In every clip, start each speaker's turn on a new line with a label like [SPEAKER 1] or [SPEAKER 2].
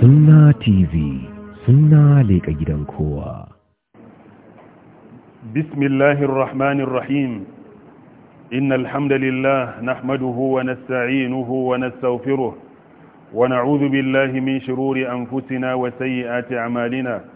[SPEAKER 1] Sunna TV Sunna leƙa gidan kowa. Bismillahir Rahmanir Rahim Innal hamdalillah nahmaduhu wa nasta'inuhu wa nastaghfiruh wa na'udhu billahi min anfusina wa sayyiati a'malina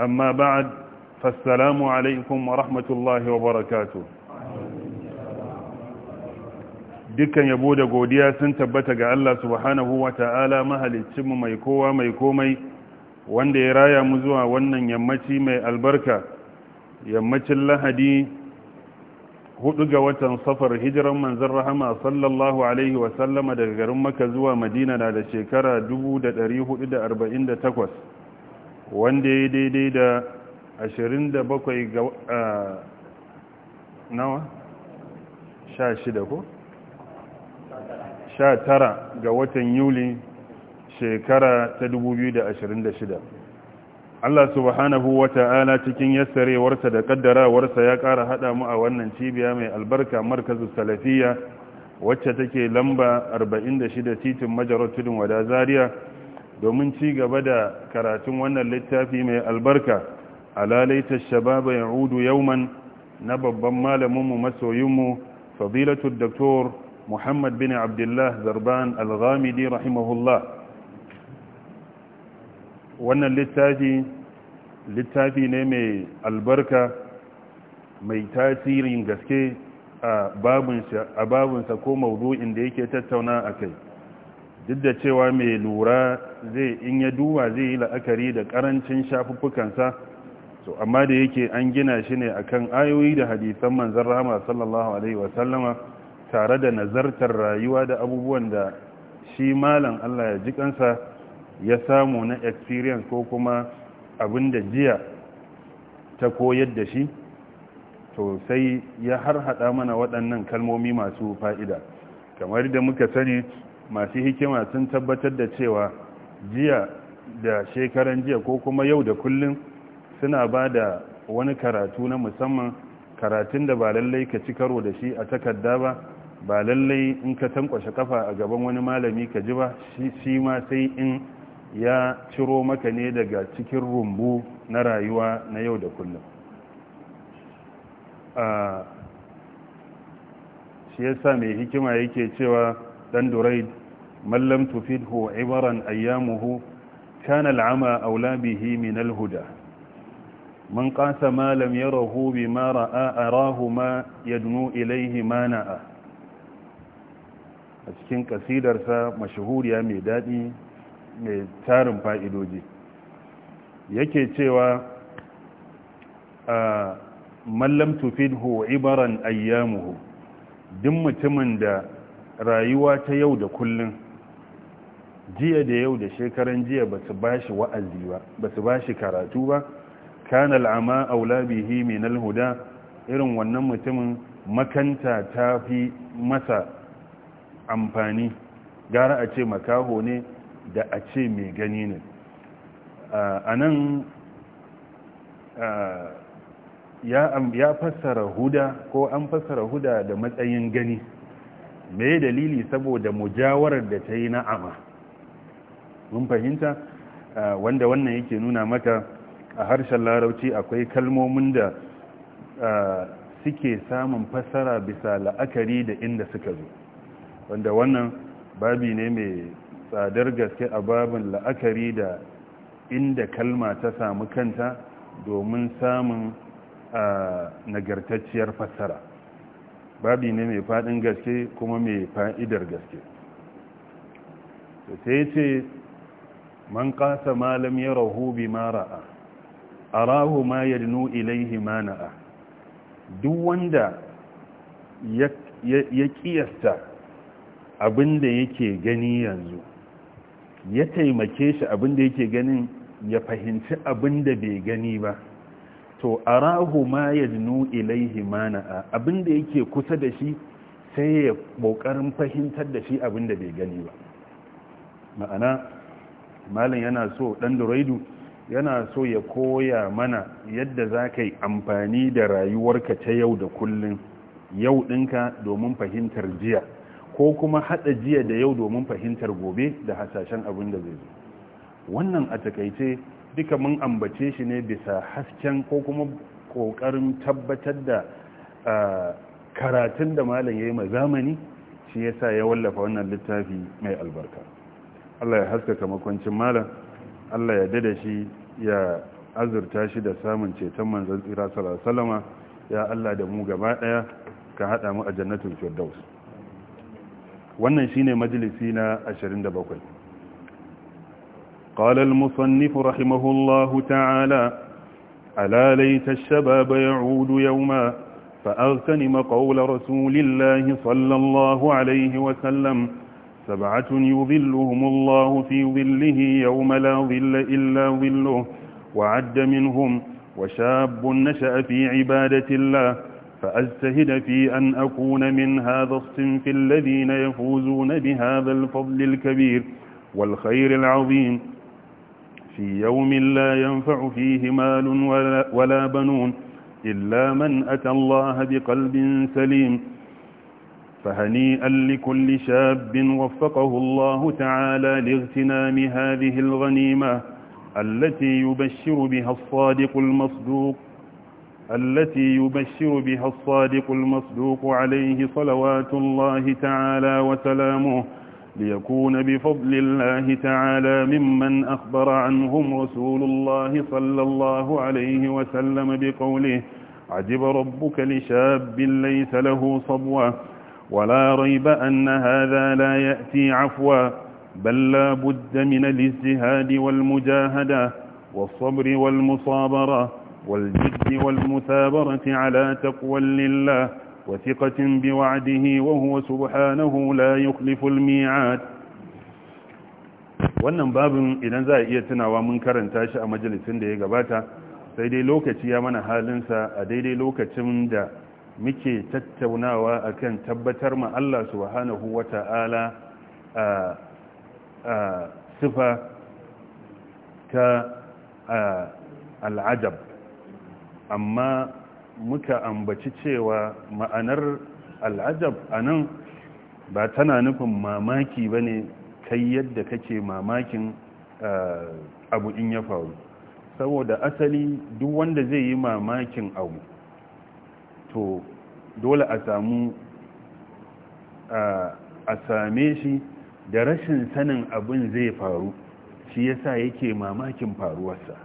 [SPEAKER 1] أما بعد فالسلام عليكم ورحمة الله وبركاته dukkan yabo da godiya sun tabbata ga Allah subhanahu wa ta'ala mu mai kowa mai komai wanda ya raya mu zuwa wannan yammaci mai albarka yammacin lahadi hudu ga watan safar hijiran manzan rahama sallallahu alaihi wasallama daga garin maka zuwa madina na da shekara 1448 wanda ya daidai da 27 ga nawa 16 ko 19 ga watan yuli shekara ta 2026 Allah subhanahu wa ta'ala cikin yassarewarsa da kaddarawarsa ya kara hada mu a wannan cibiya mai albarka markazu salafiya wacce take lamba 46 titin majarar tudun wada zariya. domin ci gaba da karatun wannan littafi mai albarka alalaita shababa ya udu yauman na babban malaminmu masoyinmu fadilatul doktor muhammad bin abdullah zarban alghamidi rahimahullah wannan littafi littafi ne mai albarka mai tasirin gaske a babunsa ko maudu'in da yake tattauna a kai duk da cewa mai lura zai in ya duba zai yi la'akari da karancin shafuffukansa so amma da yake an gina shi ne akan ayoyi da hadisan manzan rama sallallahu alaihi wasallama tare da nazartar rayuwa da abubuwan da shi malam Allah ya ji kansa ya samu na experience ko kuma abin da jiya ta koyar da shi to sai ya harhaɗa mana waɗannan kalmomi masu fa'ida kamar da muka sani masu hikima sun tabbatar da cewa jiya da shekaran jiya ko kuma yau da kullum suna ba da wani karatu na musamman karatun da ba lallai ka ci karo da shi a takarda ba ba lallai in ka tankwashe kafa a gaban wani malami ka ji ba shi ma sai in ya ciro maka ne daga cikin rumbu na rayuwa na yau da kullum ah, shi yasa mai hikima yake cewa dan duraid Mallam tufidhu ibaran ayyamuhu kana al'ama aula bihi min al-huda man qasa ma lam yarahu bima ra'a arahu ma yadnu ilayhi ma a cikin kasidarsa mashahuriya mai daɗi mai tarin fa'idoji yake cewa a mallam tufidhu ibaran ayyamuhu duk mutumin da rayuwa ta yau da kullun jiya da yau da shekaran jiya ba su ba shi wa'azi ba ba su ba shi karatu ba kana al'ama aulabihi min alhuda irin wannan mutumin makanta ta fi masa amfani gara a ce makaho ne da a ce mai gani ne a nan ya fassara huda ko an fassara huda da matsayin gani me dalili saboda mujawarar da ta yi na'ama mun fahimta wanda wannan yake nuna mata a harshen larauci akwai kalmomin da suke samun fassara bisa la'akari da inda suka zo wanda wannan babi ne mai tsadar gaske a babin la'akari da inda kalma ta samu kanta domin samun nagartacciyar fassara babi ne mai fadin gaske kuma mai fa'idar gaske sai ce man kasa malam ya rahu bi mara'a rahu ma ya dinu ilaihi mana'a duk wanda ya kiyasta abin da yake gani yanzu ya taimake shi abin da yake ganin ya fahimci abin da bai gani ba to arahu ma yajnu ilaihi abin da yake kusa da shi sai ya kokarin fahimtar da shi abinda bai gani ba ma'ana malam yana so dan duraidu yana so ya koya mana yadda za ka yi amfani da rayuwarka ta yau da kullun yau ɗinka domin fahimtar jiya ko kuma haɗa jiya da yau domin fahimtar gobe da hasashen abin da zai zo wannan a takaice duka mun ambace shi ne bisa hasken ko kuma kokarin tabbatar da karatun da malam ya yi ma zamani shi sa ya wallafa wannan littafi mai albarka Allah ya haskaka makwancin malam Allah ya dada shi ya azurta shi da samun ceton manzon tsira salama ya Allah da mu gaba ɗaya, ka haɗa mu a jannatin firdaus wannan shine majalisi na 27 قال المصنف رحمه الله تعالى ألا ليت الشباب يعود يوما فأغتنم قول رسول الله صلى الله عليه وسلم سبعة يظلهم الله في ظله يوم لا ظل إلا ظله وعد منهم وشاب نشأ في عبادة الله فأجتهد في أن أكون من هذا الصنف الذين يفوزون بهذا الفضل الكبير والخير العظيم في يوم لا ينفع فيه مال ولا, ولا بنون إلا من أتى الله بقلب سليم فهنيئا لكل شاب وفقه الله تعالى لاغتنام هذه الغنيمة التي يبشر بها الصادق المصدوق التي يبشر بها الصادق المصدوق عليه صلوات الله تعالى وسلامه ليكون بفضل الله تعالى ممن أخبر عنهم رسول الله صلى الله عليه وسلم بقوله عجب ربك لشاب ليس له صبوة ولا ريب أن هذا لا يأتي عفوا بل لا بد من الازدهاد والمجاهدة والصبر والمصابرة والجد والمثابرة على تقوى لله وثقة بوعده وهو سبحانه لا يخلف الميعاد wannan babin idan za a iya tunawa mun karanta shi a majalisun da ya gabata sai dai lokaci ya mana halinsa a daidai lokacin da muke tattaunawa akan tabbatar ma Allah subhanahu wata'ala a a sifa ta al'ajab amma muka ambaci cewa ma'anar al'ajab a nan ba tana nufin mamaki ba ne kai yadda kake mamakin abu in ya faru saboda asali duk wanda zai yi mamakin abu to dole a samu a same shi da rashin sanin abin zai faru shi yasa yake mamakin faruwarsa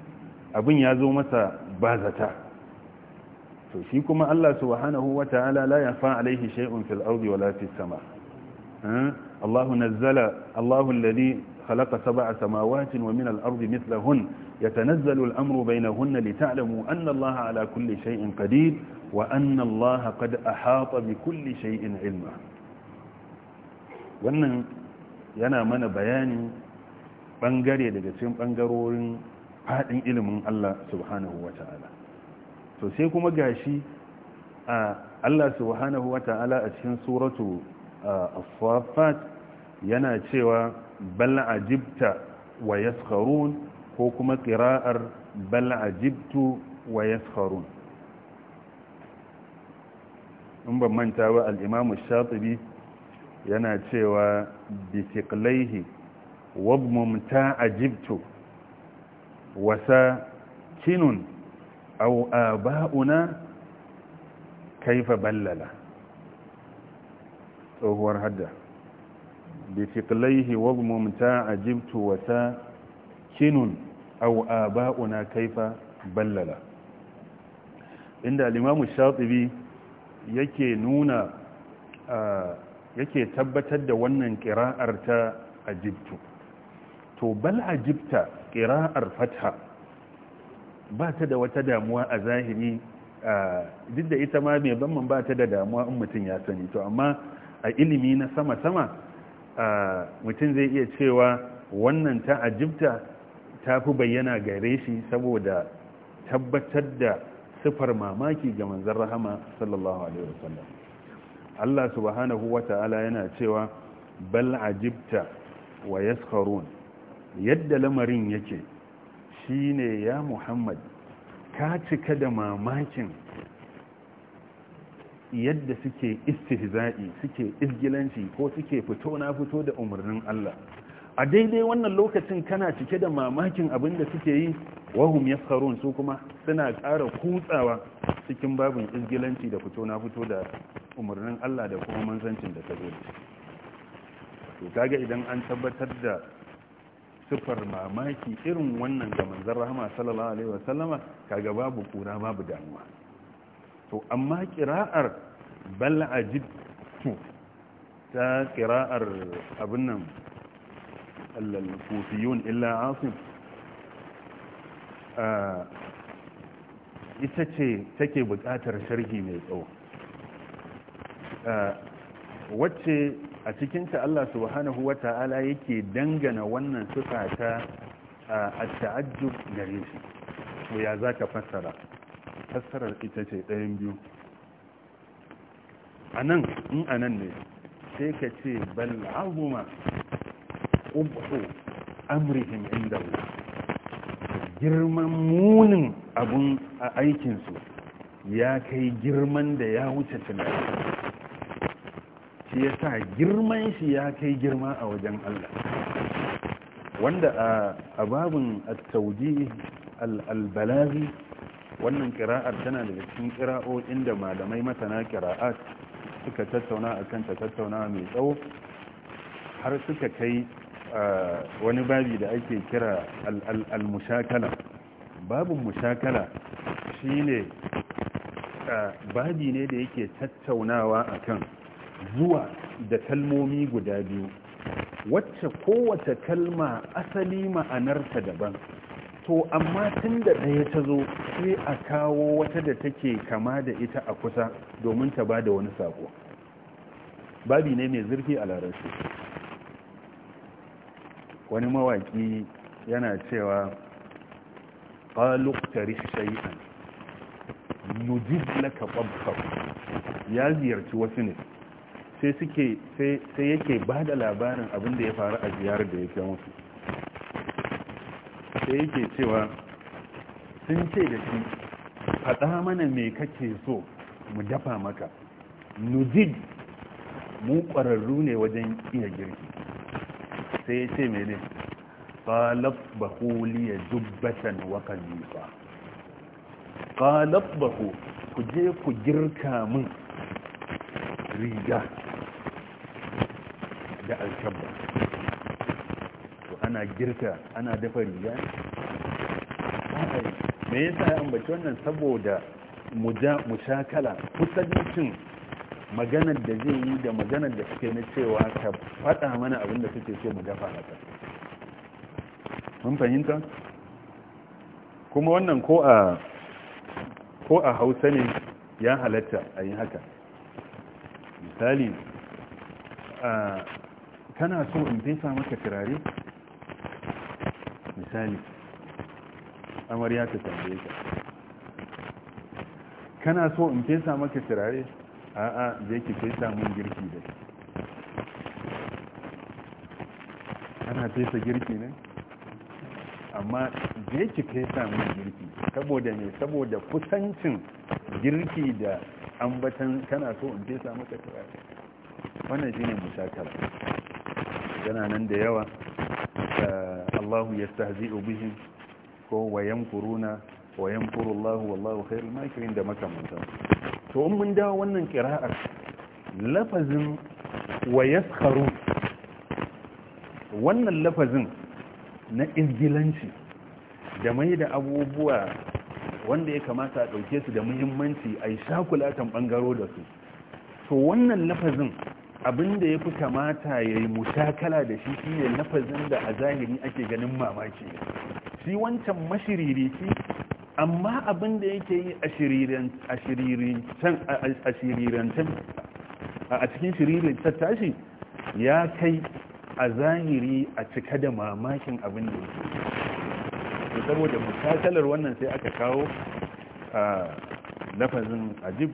[SPEAKER 1] abin ya zo masa ba zata to shi kuma Allah subhanahu wa ta'ala la yafa alaihi shay'un fil ardi wala fis sama Allahu nazzala Allahu alladhi khalaqa sab'a samawatin wa min al ardi mithlahun yatanazzalu al amru hunna lita'lamu anna Allaha ala kulli shay'in qadir wa anna Allaha qad ahata bi kulli shay'in ilma wannan yana mana bayani bangare daga cikin bangarorin fadin ilimin Allah subhanahu wa ta'ala to sai kuma gashi a Allah subhanahu Ta'ala a cikin suratu as-saffat yana cewa bal ajibta wa yaskharun ko kuma qira'ar bal ajibtu wa yaskharun in ban manta ba al-imam shatibi yana cewa tiqlaihi wa ta ajibtu wasa kinun aw aba'una kaifa ballala tsohuwar hadda bi fiqlaihi wagmum ta ajibtu wa ta kinun aw aba'una kaifa ballala inda al-imamu yake nuna yake tabbatar da wannan ƙira'ar ta ajibtu to bal ajibta ƙira'ar fatha ba ta da wata damuwa a zahiri duk da ita ma mai banman ba ta da damuwa in mutum ya sani to amma a ilimi na sama-sama mutum zai iya cewa wannan ta ajibta ta fi bayyana gare shi saboda tabbatar da sifar mamaki ga manzan rahama sallallahu alaihi wasallam Allah subhanahu wa ta'ala yana cewa bal ajibta wa yaskharun yadda lamarin yake shine ya muhammad ka cika da mamakin yadda suke istihza'i suke izgilanci ko suke fito na fito da umarnin Allah a daidai wannan lokacin kana cike da mamakin abinda suke yi wahum ya yasharun su kuma suna ƙara kutsawa cikin babin izgilanci da fito na fito da umarnin Allah da kuma manzancin da ta zo to kaga idan an tabbatar da sifar mamaki irin wannan ga manzan rahama sallallahu alaihi wasallama kaga babu kura babu damuwa to amma kira'ar bal ta kira'ar abin nan kufiyun illa asim ita ce take buƙatar sharhi mai tsawo wacce a cikinta Allah subhanahu wa ta'ala yake dangana wannan sifa ta at-ta'ajjub gare shi to ya zaka fassara fassarar ita ce ɗayan biyu anan in anan ne sai ka ce bal azuma qubhu amrihim inda girman munin abun a aikinsu ya kai girman da ya wuce tunani shi ya sa girman shi ya kai girma a wajen Allah wanda a babin attauji al-balaghi wannan kira'ar tana daga cikin kira'o'in da malamai masana kira'at suka tattauna a kanta tattauna mai tsawo har suka kai wani babi da ake kira al-mushakala babin mushakala shine babi ne da yake tattaunawa akan zuwa da kalmomi guda biyu wacce kowace kalma asali ma'anarta daban to amma tun da ɗaya ta zo sai a kawo wata da take kama da ita a kusa domin ta ba da wani sako babi ne mai zurfi a larabci wani mawaki yana cewa ƙaluktari shai'an yujib laka ya ziyarci wasu ne sai suke sai yake ba da labarin abin da ya faru a ziyarar da ya kai musu sai yake cewa sun ce da shi faɗa mana me kake so mu dafa maka nujid mu ƙwararru ne wajen iya girki sai ya ce mene ƙalab bahuli ya dubbatan wakan nufa ba bahu ku je ku girka min riga da alkabba to ana girka ana dafa riga me yasa ya ambaci wannan saboda mu mushakala kusancin maganar da zai yi da maganar da suke na cewa ka faɗa mana abin da suke so mu dafa haka mun fahimta kuma wannan ko a ko a hausa ne ya halatta a yi haka misali kana so in fesa maka turare misali amarya ta tambaye ka kana so in fesa maka turare a'a je ki fesa mun girki da ana fesa girki ne amma je ki fesa mun girki saboda ne saboda kusancin girki da ambatan kana so in fesa maka turare wannan shine musakar yana nan da yawa Allahu yastahzi'u bihim ko wa kuruna wa yamkuru Allah wallahu khairul makirin da makamanta to mun dawo wannan qira'ar lafazin wa yaskharu wannan lafazin na izgilanci da mai da abubuwa wanda ya kamata a ɗauke su da muhimmanci a yi shakulatan ɓangaro da su to wannan lafazin abin da ya fi kamata ya yi mutakala da shi shi ne nafazin da a zahiri ake ganin mamaki shi wancan mashiririci amma abin da yake yi a shirirancen a cikin shirirancen tashi ya kai a zahiri a cika da mamakin abin da yake saboda mutakalar wannan sai aka kawo nafazin ajib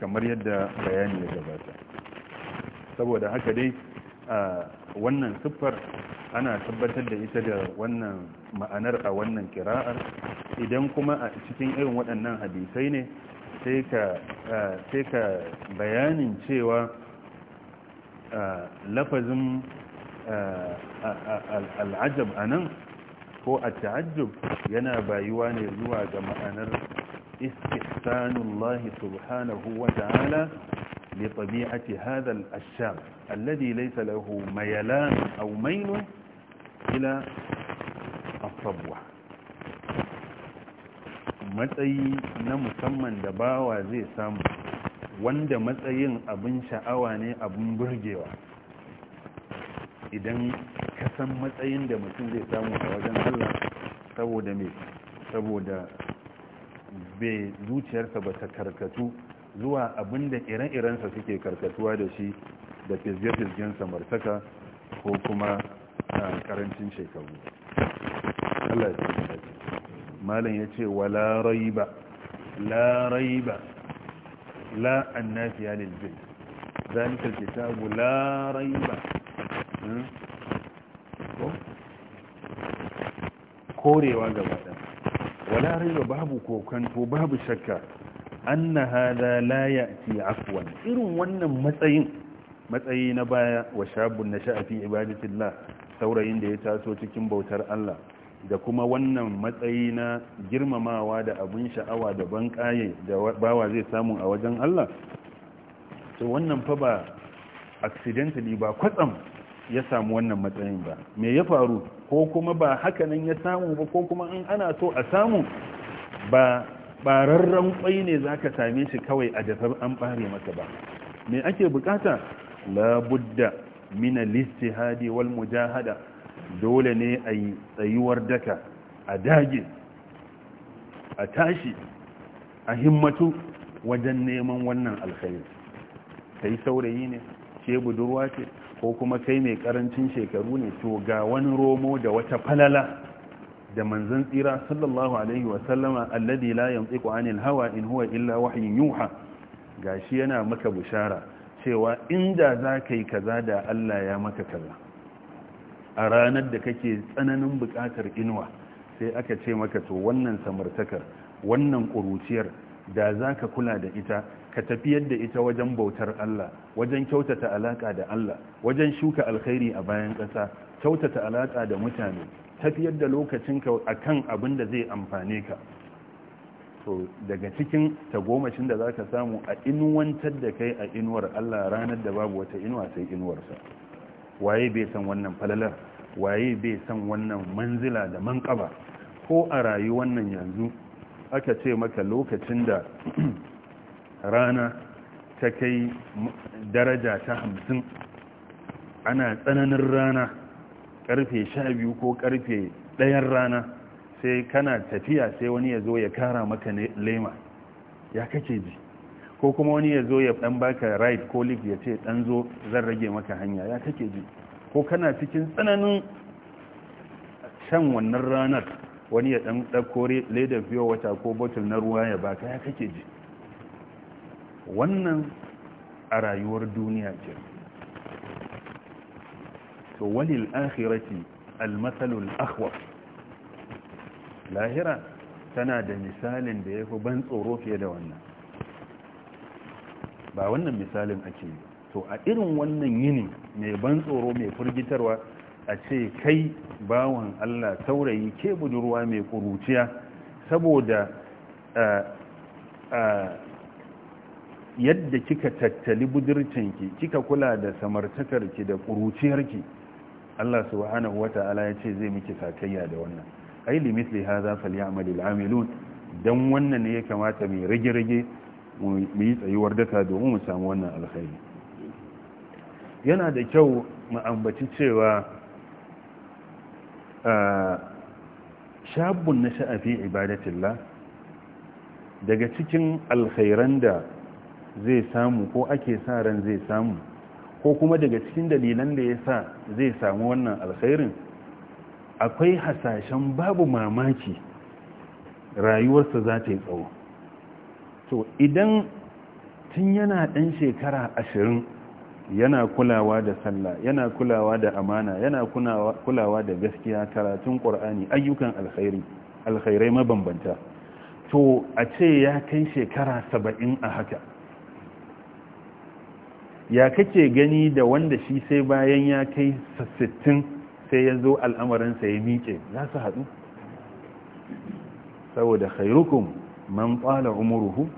[SPEAKER 1] kamar yadda bayani ya gabata saboda haka dai wannan siffar ana tabbatar da ita da wannan ma'anar a wannan kira'ar idan kuma a cikin irin waɗannan hadisai ne sai ka bayanin cewa lafazin al'ajab a nan ko a ta'ajjub yana bayuwa ne zuwa ga ma'anar istihsanullahi subhanahu wa ta'ala بطبيعة هذا الشاب الذي ليس له ميلان أو ميل إلى الصبوة matsayi na musamman da bawa zai samu wanda matsayin abin sha'awa ne abin burgewa idan ka san matsayin da mutum zai samu a wajen Allah saboda mai saboda bai zuciyarsa ba ta karkatu zuwa abin da ire-irensa suke karkatuwa da shi da fizge-fizgen samartaka ko kuma ah, karancin shekaru Allah ya ce malam ya ce wa larai ba larai ba la annafi ya liljin zalika kitabu larai ba hmm? korewa gaba ɗan wa larai ba babu kokanto babu shakka anna hadha la ya'ti afwan irin wannan matsayin matsayi na baya wa shabun na sha'afi ibadatillah saurayin da ya taso cikin bautar Allah da kuma wannan matsayi na girmamawa da abin sha'awa da ban kaye da bawa zai samu a wajen Allah to wannan fa ba accidentally ba kwatsam ya samu wannan matsayin ba me ya faru ko kuma ba hakanan ya samu ba ko kuma in ana so a samu ba bararren kwai ne za ka same shi kawai a jasar an bare masa ba me ake bukata labudda mina hadi wal mujahada dole ne a yi tsayuwar daka a dage a tashi a himmatu wajen neman wannan alkhairi kai saurayi ne ce budurwa ce ko kuma kai mai karancin shekaru ne to ga wani romo da wata falala da manzon tsira sallallahu alaihi wasallama alladhi la yantiqu anil hawa in huwa illa wahyin yuha gashi yana maka bushara cewa inda za ka yi kaza da Allah ya maka kaza a ranar da kake tsananin bukatar inuwa sai aka ce maka to wannan samartakar wannan ƙuruciyar da za ka kula da ita ka tafiyar da ita wajen bautar Allah wajen kyautata alaƙa da Allah wajen shuka alkhairi a bayan ƙasa kyautata alaƙa da mutane tafiyar da a kan abin da zai amfane ka to daga cikin tagomashin da za ka samu a inuwantar da kai a inuwar Allah ranar da babu wata inuwa sai inuwarsa waye bai san wannan falalar waye bai san wannan manzila da manƙaba ko a rayu wannan yanzu aka ce maka lokacin da rana ta kai daraja ta hamsin ana tsananin rana karfe sha biyu ko karfe ɗayan rana sai kana tafiya sai wani ya zo ya kara maka lema ya kake ji ko kuma wani ya zo ya ɗan baka ride ko lift ya ce ɗan zo zan rage maka hanya ya kake ji ko kana cikin tsananin shan wannan ranar wani ya ɗan ɗauko leda fiye wata ko botul na ruwa ya baka ya kake ji wannan a rayuwar duniya ce to walil akhirati almasalul akhwaf lahira tana da misalin da yafi ban tsoro fiye da wannan ba wannan misalin ake yi to a irin wannan yini mai ban tsoro mai firgitarwa a ce kai bawan Allah saurayi ke budurwa mai kuruciya saboda yadda kika tattali budurcinki kika kula da samartakarki da kuruciyarki Allah subhanahu wata'ala ya ce zai miki sakayya da wannan ai limitli hadha falyamalul amilun dan wannan ne ya kamata mai rage-rage mu yi tsayuwar daka domin mu samu wannan alkhairi yana da kyau mu ambaci cewa shabun na sha'afi ibadatillah daga cikin alkhairan da zai samu ko ake sa ran zai samu ko kuma daga cikin dalilan da ya sa zai samu wannan alkhairin akwai hasashen babu mamaki rayuwarsa za ta yi tsawo to idan tun yana ɗan shekara ashirin yana kulawa da sallah yana kulawa da amana yana kulawa da gaskiya karatun ƙur'ani ayyukan alkhairai mabambanta to a ce ya kai shekara saba'in a haka ya kake gani da wanda shi sai bayan ya kai sittin sai ya zo al'amarinsa ya miƙe za su haɗu saboda khairukum man tsala umuruhu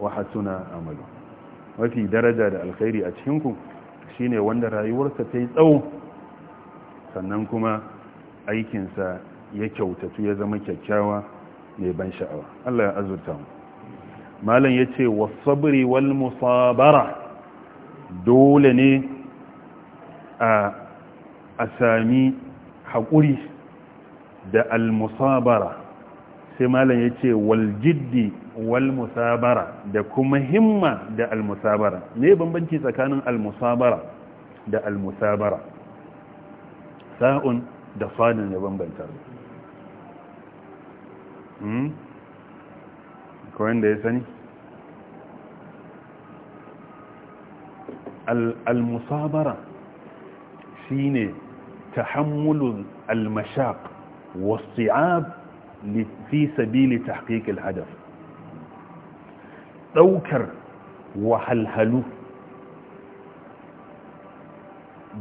[SPEAKER 1] wa hasuna amalu mafi daraja da alkhairi a cikinku shi ne wanda rayuwarsa ta yi tsawo sannan kuma aikinsa ya kyautatu ya zama kyakkyawa mai ban sha'awa Allah ya azurta mu malam yace sabiri wal musabara dole ne a sami haƙuri da almusabara sai malam ya ce waljiddi walmusabara da kuma himma da almusabara ne bambanci tsakanin almusabara da almusabara sa'un da fadin ya bambanta hmm? ko wanda ya sani al shi shine ta al almashaq wasu ab fi sabili ta al-hadaf ɗaukar wahalhalu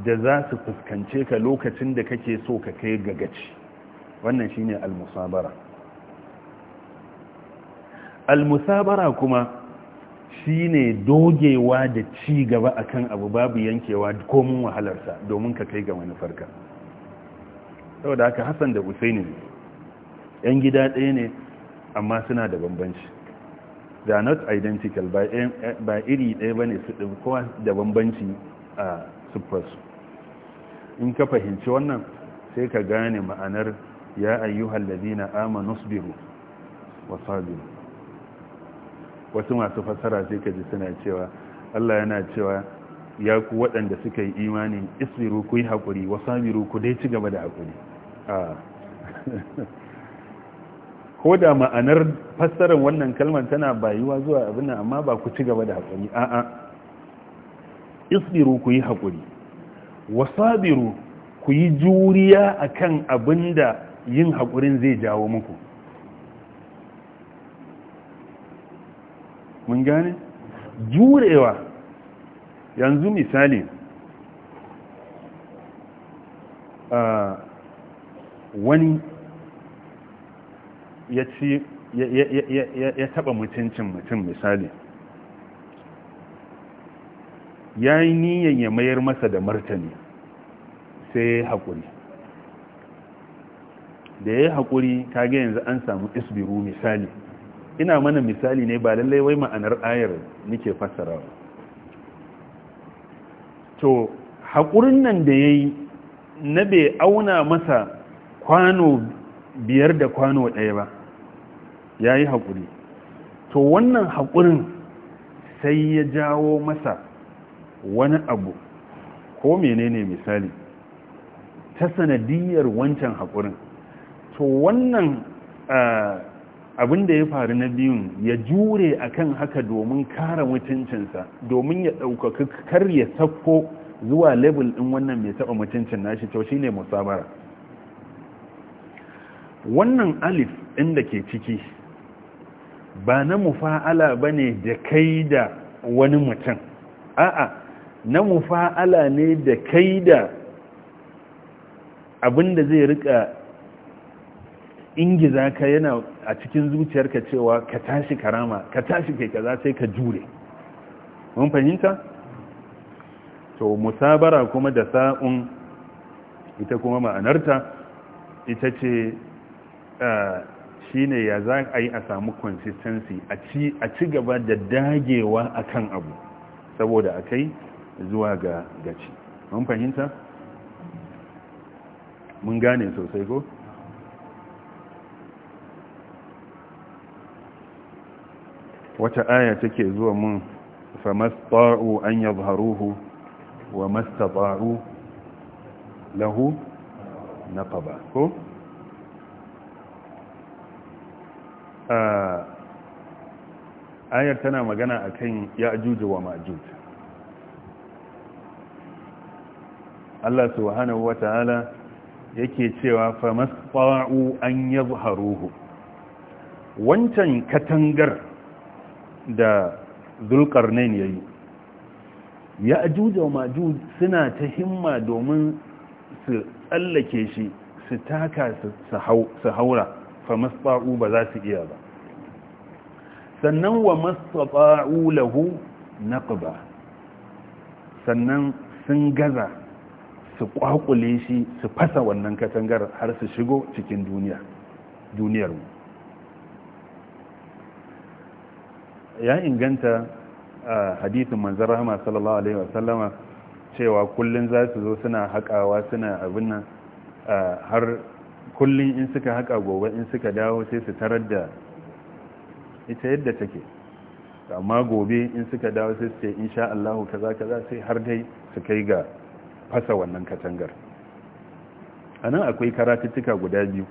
[SPEAKER 1] da za su fuskance ka lokacin da kake so ka kai gagaci wannan shine ne almusabara al kuma shine dogewa da ci gaba a kan abu babu yankewa komin wahalarsa domin ka kai ga manufarka saboda haka hassan da usaini ne yan gida ɗaya ne amma suna da bambanci they are not identical ba iri ɗaya bane ne su kowa da bambanci a siffarsu in ka fahimci wannan sai ka gane ma'anar ya ayyuhallazina amanu sabiru wa sabiru wasu masu fasara sai ka ji suna cewa Allah yana cewa ya ku waɗanda suka yi imani isiru ku yi haƙuri wa samiru ku dai ci gaba da haƙuri ko da ma'anar fassarar wannan kalmar tana bayuwa zuwa abin amma ba ku ci gaba da haƙuri a'a isiru ku yi haƙuri wa sabiru ku yi juriya akan abin da yin haƙurin zai jawo muku mun gane jurewa yanzu misali wani ya ci taba mutuncin mutum misali ya yi niyan ya mayar masa da martani sai ya yi haƙuri da ya yi haƙuri kage yanzu an samu isbiru misali ina mana misali ne ba lallai wai ma'anar ayar fassara ba to haƙurin nan da ya yi na bai auna masa kwano biyar da kwano ɗaya ba ya yi haƙuri to wannan haƙurin sai ya jawo masa wani abu ko menene misali ta sanadiyar wancan haƙurin to wannan ah, abin da ya faru na biyun ya jure akan haka domin kare mutuncinsa domin ya ɗaukaka kar ya sauko zuwa level ɗin wannan mai taɓa mutuncin nashi to shi ne musabara wannan alif ɗin da ke ciki ba na mufa'ala ba ne da kai da wani mutum a'a na mufa'ala ne da kai da abin da zai rika ingiza ka yana a cikin zuciyarka cewa ka tashi karama ka tashi kai kaza sai ka jure mun fahimta to musabara kuma da sa'un ita kuma ma'anarta ita ce shine ya za a yi a samu consistency a ci gaba da dagewa akan abu saboda a kai zuwa ga gaci mun fahimta mun gane sosai ko wata aya take zuwa mun fa famasta'u an yadhharuhu wa mastata'u lahu naqaba ko ayar tana magana akan ya'juj wa ma'juj Allah subhanahu wa ta'ala yake cewa fa famasta'u an yadhharuhu wancan katangar da zulkarnain ya yi ya ajuja wa suna ta himma domin su tsallake shi su taka su haura fa masfa'u ba za su iya ba sannan wa masfa'u lahu naqba sannan sun gaza su kwakule shi su fasa wannan katangar har su shigo cikin duniyar duniyarmu ya inganta hadithin manzan rahama sallallahu alaihi wasallama cewa kullum za su zo suna haƙawa suna abin nan har kullum in suka haƙa gobe in suka dawo sai su tarar da ita yadda take amma gobe in suka dawo sai su ce in sha Allahu kaza kaza sai har dai su kai ga fasa wannan katangar a nan akwai karatuttuka guda biyu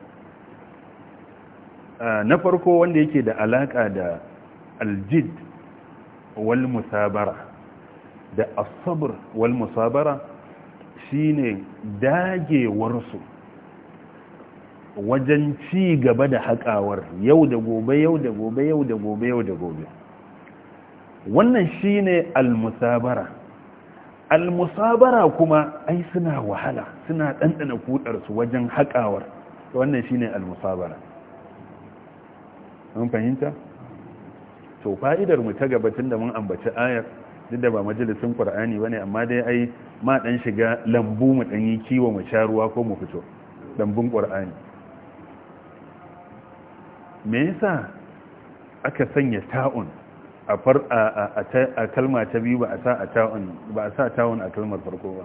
[SPEAKER 1] na farko wanda yake da alaƙa da aljid walmusabara da asabr walmusabara shine dagewarsu wajen ci gaba da haƙawar yau da gobe yau da gobe yau da gobe yau da gobe wannan shine almusabara almusabara kuma ai suna wahala suna ɗanɗana kudarsu wajen haƙawar wannan shine almusabara an fahimta to fa'idar mu ta gaba tunda mun ambaci ayar duk da ba majalisin qur'ani bane amma dai ai ma dan shiga lambu mu dan yi kiwo mu sha ruwa ko mu fito lambun qur'ani me yasa aka sanya ta'un a far a kalma ta biyu ba a sa a ta'un ba a sa ta'un a kalmar farko ba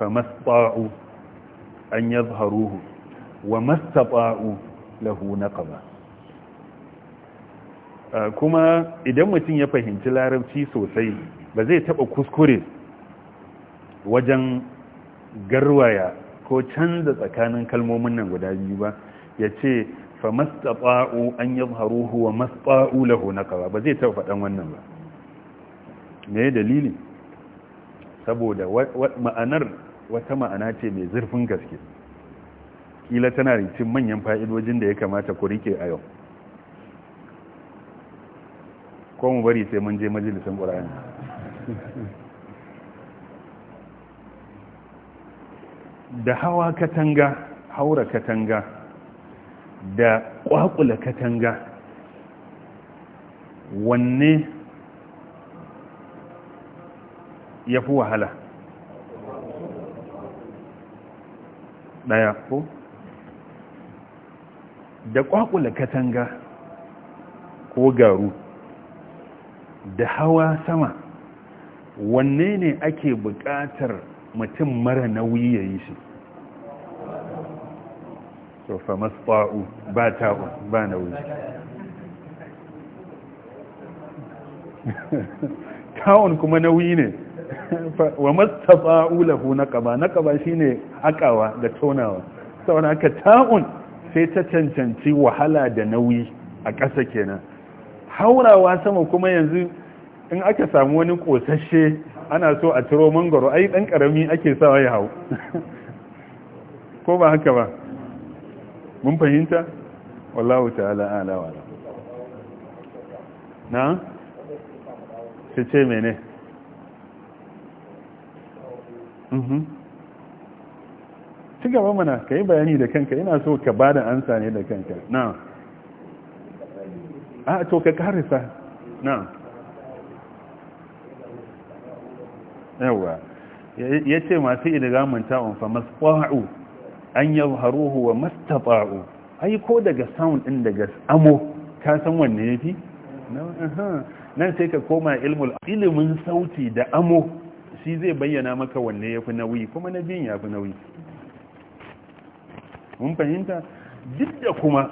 [SPEAKER 1] fa masta'u an yadhharuhu wa mastata'u lahu naqaba Eh, kuma idan mutum ya fahimci larabci sosai ba zai taɓa kuskure wajen garwaya ko canza tsakanin kalmomin nan guda biyu ba ya ce fa mastaɓa'u an yi haruhu wa lahu na kawa ba zai taɓa faɗan wannan ba me dalili saboda ma'anar wata ma'ana ce mai zurfin gaske kila tana rikin manyan fa'idojin da ya kamata ku rike a yau ko mu bari sai mun je majalisin ƙura'ani da hawa katanga haura katanga da ƙwaƙula katanga wanne ya fi wahala ɗaya ko da ƙwaƙula katanga ko garu da hawa sama wanne ne ake buƙatar mutum mara nauyi ya yi shi sofa masu ba ta'u ba nauyi ta'un kuma nauyi ne wa masu lahu na ƙaba na ƙaba shi ne haƙawa da tonawa saboda haka ta'un sai ta cancanci wahala da nauyi a ƙasa kenan haurawa sama kuma yanzu in aka samu wani kosashe ana so a ciro mangoro ai dan karami ake sawa ya hau ko ba haka ba mun fahimta wallahu ta'ala ala wala na ce ce mene mhm ci gaba mana kai bayani da kanka ina so ka bada ansa ne da kanka na'am a to ka karisa na yawa ya ce masu idigamin ta'un fa masfa'u an Haruhu wa mastata'u Aiko daga sound ɗin daga amo ka san wanne ya fi. nan sai ka koma ilmul ilimin sauti da amo shi zai bayyana maka wanne ya fi nauyi kuma na biyun fi nauyi mun fahimta duk da kuma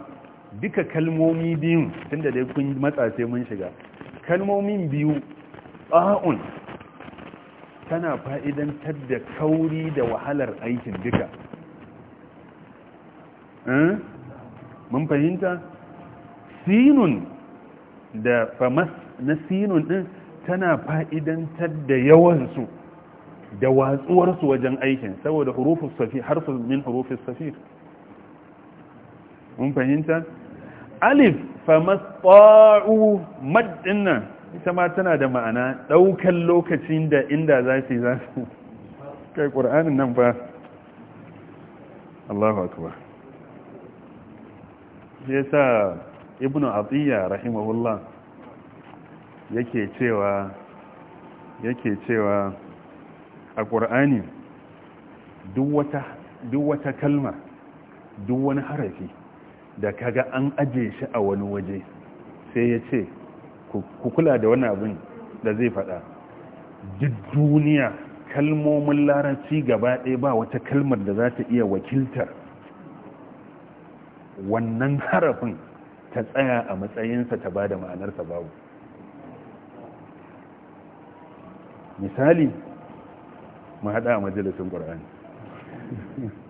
[SPEAKER 1] duka kalmomi biyun tunda dai kun matsace mun shiga kalmomin biyu ba'un tana fa'idantar da kauri da wahalar aikin duka eh? mun fahimta sinun da famas na sinun ɗin tana fa'idantar da yawansu da watsuwarsu wajen aikin saboda harfin min harfin safir mun fahimta alif famasta'u maddin ita ma tana da ma'ana daukan lokacin da inda za su za su kai qur'anin nan ba Allahu akbar yasa ibnu atiya rahimahullah yake cewa yake cewa a kur'ani wata duk wata kalma duk wani harafi da kaga an aje shi a wani waje sai ya ce ku kula da wani abin da zai faɗa duk duniya kalmomin larabci gaba ɗaya ba wata kalmar da za ta iya wakiltar wannan harafin ta tsaya a matsayinsa ta ba da ma'anarsa babu misali mu haɗa a majalisun ƙwararri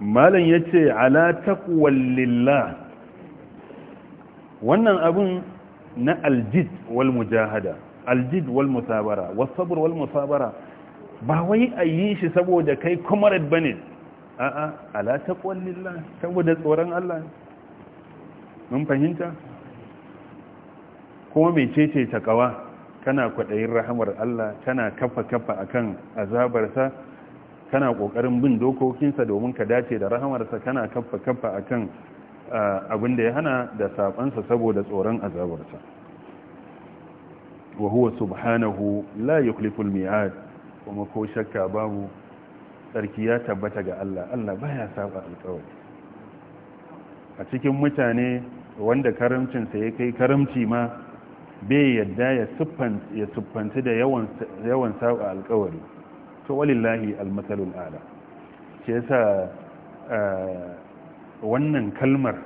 [SPEAKER 1] malam ya ce ala takwallilla, wannan abin na aljid wal mujahada aljid wal musabara wasabur wal musabara ba wai a yi shi saboda kai kumarar ba ne a'a ala takwallilla, saboda tsoron Allah mun fahimta kuma ta takawa kana kwaɗayin rahamar Allah kana kafa kafa akan azabarsa kana kokarin bin dokokinsa domin ka dace da rahamarsa kana kafa a kan ah, abin da ya hana da sabansa saboda tsoron azabarsa wa huwa subhanahu la yukhlifu al-mi'ad kuma ko shakka babu sarki ya tabbata ga Allah Allah baya saba alƙawari a cikin mutane wanda karamcinsa ya kai karamci ma bai yadda ya siffanci da yawan saba alƙawari to walillahi almasalul ala shi yasa eh, wannan kalmar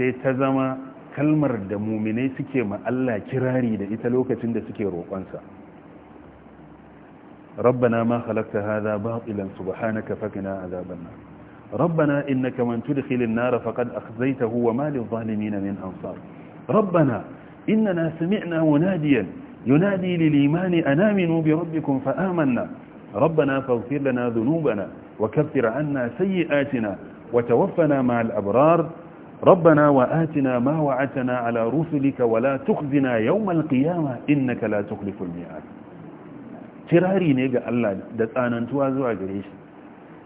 [SPEAKER 1] sai ta zama kalmar da muminai suke ma Allah kirari da ita lokacin da suke roƙonsa rabbana ma khalaqta hadha batilan subhanaka faqina azaban rabbana innaka man tudkhilin nar faqad akhzaytahu wa ma lil zalimin min ansar rabbana innana sami'na munadiyan yunadi lil limani an aminu bi rabbikum fa amanna ربنا فاغفر لنا ذنوبنا وكفر عنا سيئاتنا وتوفنا مع الأبرار ربنا وآتنا ما وعدتنا على رسلك ولا تخزنا يوم القيامة إنك لا تخلف الميعاد kirari ne ga Allah da tsanantuwa zuwa gare shi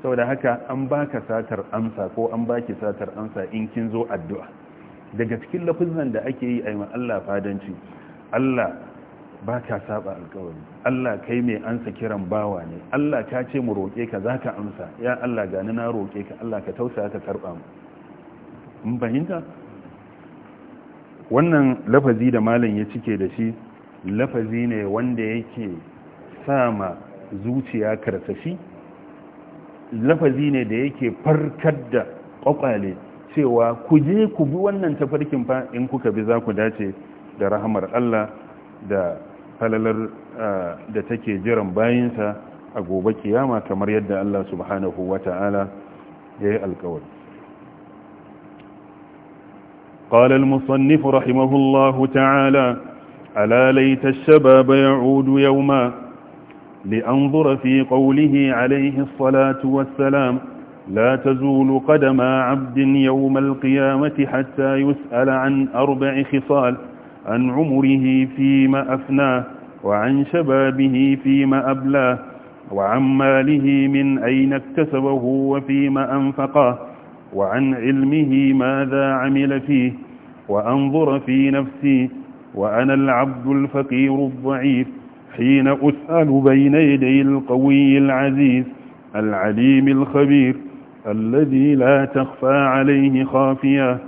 [SPEAKER 1] saboda haka an baka satar amsa ko an baki satar amsa in kin zo addu'a daga cikin lafizan da ake yi a yi Allah fadanci Allah ba ka saba alkawari Allah kai mai ansa kiran bawa ne Allah ka ce mu roƙe ka za ka amsa ya Allah gani na roƙe ka Allah ka tausa ka karɓa mu mun fahimta wannan lafazi da malam ya cike da shi lafazi ne wanda yake sama zuciya karsashi lafazi ne da yake farkar da ƙwaƙwale cewa ku je ku bi wannan tafarkin fa in kuka bi za ku dace da rahamar Allah da falalar da take jiran bayinsa a gobe kiyama kamar yadda Allah subhanahu wata'ala ya yi alkawari قال المصنف رحمه الله تعالى ألا ليت الشباب يعود يوما لأنظر في قوله عليه الصلاة والسلام لا تزول قدم عبد يوم القيامة حتى يسأل عن أربع خصال عن عمره فيما أفناه وعن شبابه فيما أبلاه وعن ماله من أين اكتسبه وفيما أنفقاه وعن علمه ماذا عمل فيه وأنظر في نفسي وأنا العبد الفقير الضعيف حين أسأل بين يدي القوي العزيز العليم الخبير الذي لا تخفى عليه خافيه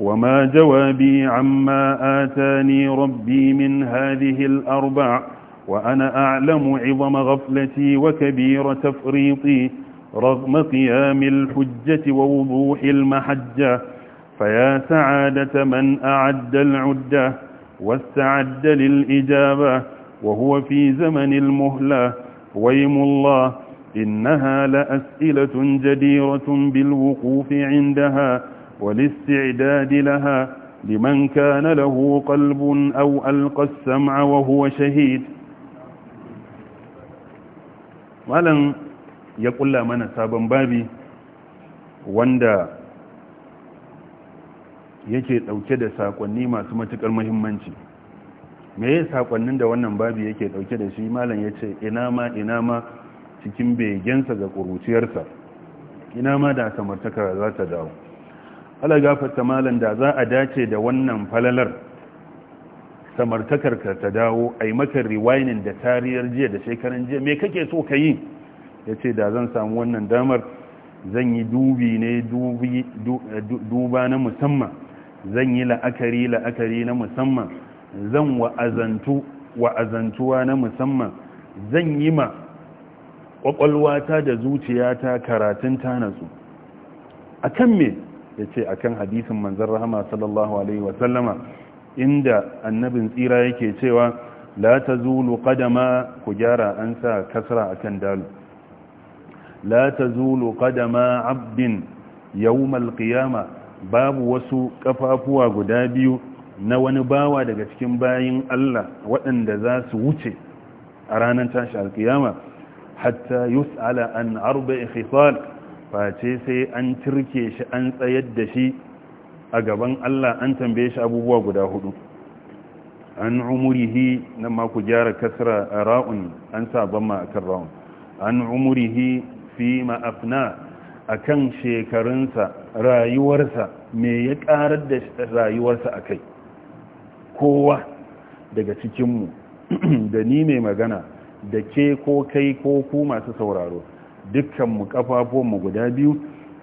[SPEAKER 1] وما جوابي عما آتاني ربي من هذه الأربع وأنا أعلم عظم غفلتي وكبير تفريطي رغم قيام الحجة ووضوح المحجة فيا سعادة من أعد العدة واستعد للإجابة وهو في زمن المهلة ويم الله إنها لأسئلة جديرة بالوقوف عندها والاستعداد لها لمن كان له قلب أو ألقى السمع وهو شهيد malam ya kulla mana sabon babi wanda yake dauke da sakonni masu matukar muhimmanci me ya sakonnin da wannan babu yake dauke da shi malam ya ina ma ina ma cikin begensa ga ƙuruciyarsa ina ma da samartaka za ta dawo ala gafarta malan da za a dace da wannan falalar samartakar ka ta dawo a yi maka rewinding da tariyar jiya da shekaran jiya me kake so ka yi ya ce da zan samu wannan damar zan yi dubi ne duba na musamman zan yi la'akari la'akari na musamman zan wa'azantuwa na musamman zan yi ma ƙwaƙwalwata da zuciyata karatun tanasu a kan me ya ce a kan hadisin manzan rahama sallallahu alaihi wasallama inda annabin tsira yake cewa la ta zulu kadama ku gyara an sa kasra a kan dalu la ta zulu kadama abin yawmal qiyama babu wasu kafafuwa guda biyu na wani bawa daga cikin bayin Allah waɗanda za su wuce a ranar tashi alkiyama hatta yus'ala an arba'i khisal face sai an turke shi an tsayar da shi a gaban Allah an tambaye shi abubuwa guda hudu an umurihi nan ma gyara kasra ra'un an saban ma akan ra'un an umurihi fi ma'afna akan shekarunsa rayuwarsa me ya karar da rayuwarsa akai kowa daga cikinmu da ni mai magana da ke ko kai ko ku masu sauraro dukkanmu kafafuwanmu guda biyu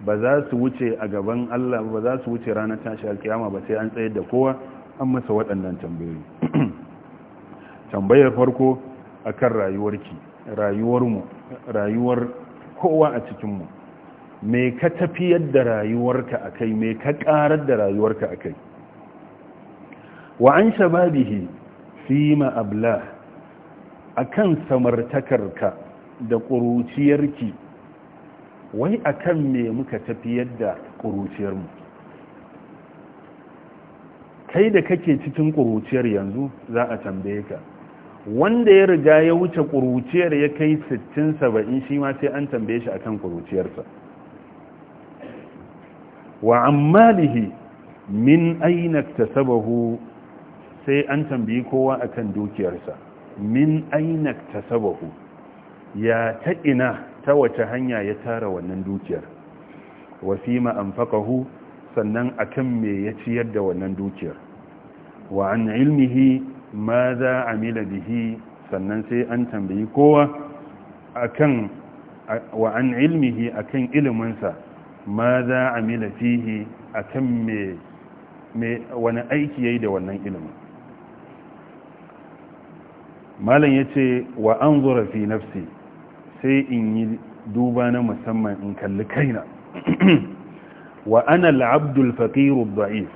[SPEAKER 1] ba za su wuce a gaban Allah ba za su wuce ranar tashi alkiyama ba sai an tsayar da kowa an masa waɗannan tambayoyi tambayar farko akan rayuwarki rayuwarmu rayuwar kowa a cikinmu me ka tafiyar da rayuwarka akai me ka ƙarar da rayuwarka akai wa an shababihi fi ma'abla akan samartakarka da ƙuruciyarki wai akan me muka tafiyar da ƙuruciyarmu kai da kake cikin ƙuruciyar yanzu za a tambaye ka wanda ya riga ya wuce ƙuruciyar ya kai 60-70 shi ma sai an tambaye shi a kan ƙuruciyarsa wa ammalihi min ta tasabahu sai an tambayi kowa a kan dukiyarsa min ta tasabahu ya ta ina ta wace hanya ya tara wannan dukiyar wasima anfaqahu sannan akan me ya ciyar da wannan dukiyar wa an ilmihi ma za amila bihi sannan sai an tambayi kowa akan wa an ilmihi akan iliminsa ma za amila fihi akan me me wani aiki yayi da wannan ilimin malam yace wa anzura fi nafsi sai in yi duba na musamman in kalli kaina wa ana al'abdul faqiru da'if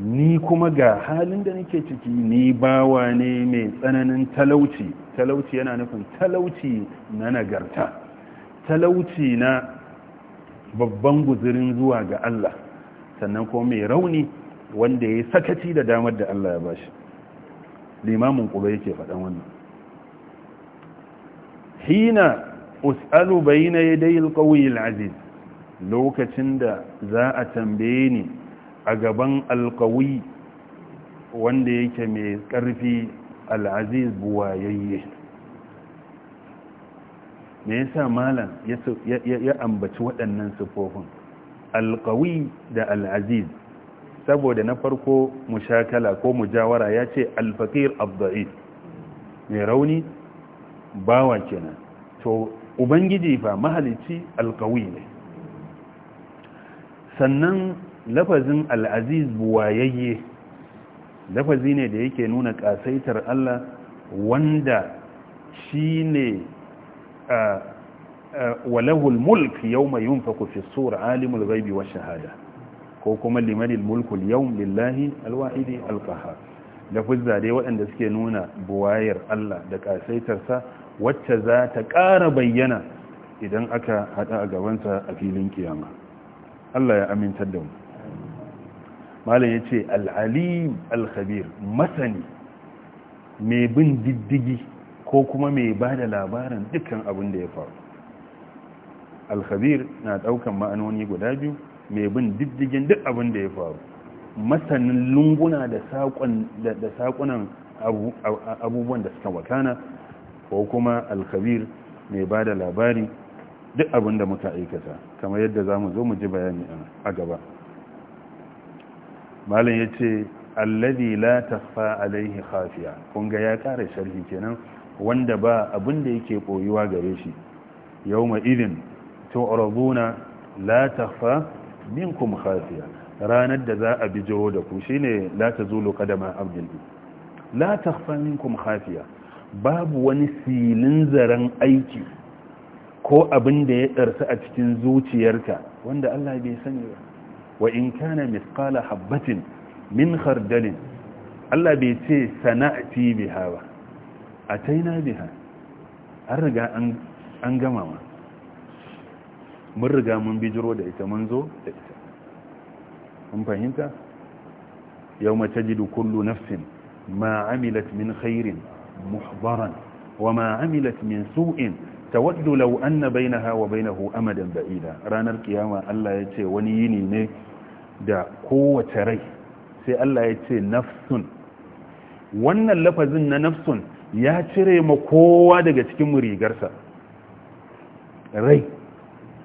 [SPEAKER 1] ni kuma ga halin da nake ciki ni bawa ne mai tsananin talauci talauci yana nufin talauci na nagarta talauci na babban guzurin zuwa ga Allah sannan kuma mai rauni wanda ya sakaci da damar da Allah ya bashi limamin kuba yake faɗan wannan hina us'alu bayna yaday alqawi alaziz lokacin da za a tambaye ni a gaban alqawi wanda yake mai karfi al'aziz buwayayye me yasa malam ya ambaci waɗannan sufofin alƙawi da al'aziz saboda na farko mushakala ko mujawara ya ce alfaƙir abdu'id mai rauni bawa kenan to ubangiji fa mahalici alkawi ne sannan lafazin al'aziz buwayayye lafazi ne da yake nuna ƙasaitar Allah wanda shi ne walahul mulk yau mai yin fakufi sura alimul gaibi wa shahada ko kuma limanil mulkul yau lillahi alwahidi alkahar fuzza dai waɗanda suke nuna buwayar Allah da ƙasaitarsa wacce za ta ƙara bayyana idan aka haɗa a gabansa a filin kiyama Allah ya amintar da mu malam ya ce al'alim al masani mai bin diddigi ko kuma mai ba da labarin dukkan abin da ya faru al na ɗaukan ma'anoni guda biyu mai bin diddigin duk abin da ya faru masanin lunguna da saƙunan abubuwan da suka wakana ko kuma alkabir mai ba da labari duk abin da muka aikata kamar yadda za mu zo mu ji bayani a gaba malin ya ce alladi la tafa alaihi khafiya kunga ya kara sharhi kenan wanda ba abin da yake koyuwa gare shi yau ma idin tu'raduna la tafa minkum hafiya. ranar da za a bi da ku shine la tazulu qadama abdin la takhfa minkum khafiya babu wani silin zaren aiki ko abin da ya ɗarsa a cikin zuciyarka wanda Allah bai sani ba wa in kana misqala habatin min khardalin Allah bai ce sana'ati biha ba taina biha an riga an gama ma mun riga mun bijiro da ita mun zo an fahimta yau mace jidu kullu nafsin ma amilat min khairin muhbaran wa ma amilat min su'in tawaddu law anna bainaha wa bainahu amadan ba'ida ranar kiyama Allah ya ce wani yini ne da kowace rai sai Allah ya ce nafsun wannan lafazin na nafsun ya cire ma kowa daga cikin rigarsa rai